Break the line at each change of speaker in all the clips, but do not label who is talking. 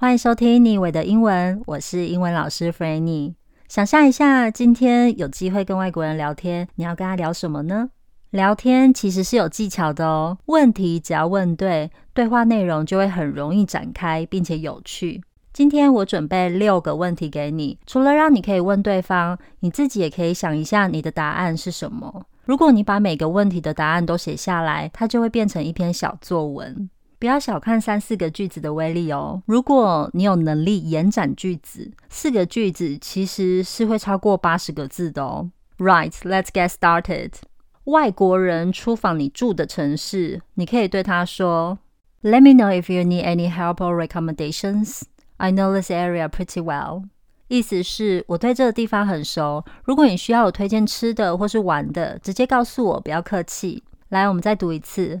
歡迎收聽妮偉的英文，我是英文老師 Frannie。想象一下，今天有機會跟外國人聊天，你要跟他聊什麼呢？聊天其實是有技巧的哦。問題只要問對，對話內容就會很容易展開，並且有趣。今天我準備六個問題給你，除了讓你可以問對方，你自己也可以想一下你的答案是什麼。如果你把每個問題的答案都寫下來，它就會變成一篇小作文。不要小看三四個句子的威力哦！如果你有能力延展句子，四個句子其實是會超過八十個字的哦。Right, let's get started. 外國人出訪你住的城市，你可以對他說：“Let me know if you need any help or recommendations. I know this area pretty well.” 意思是我對這個地方很熟。如果你需要我推薦吃的或是玩的，直接告訴我，不要客氣。來，我們再讀一次。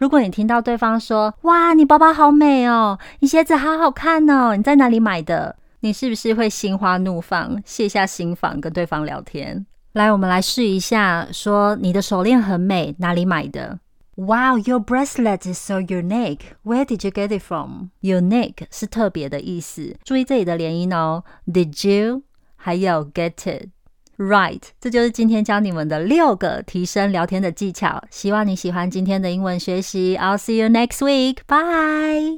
如果你聽到對方說：“哇，你包包好美哦，你鞋子好好看哦，你在哪裡買的？”你是不是會心花怒放，卸下心防跟對方聊天？來，我們來試一下，說：“你的手鏈很美，哪裡買的？”Wow, your bracelet is so unique. Where did you get it from? Unique 是特別的意思。注意這裡的連音哦。Did you? 還有 get it? Right，這就是今天教你們的六個提升聊天的技巧。希望你喜歡今天的英文學習。I'll see you next week. Bye.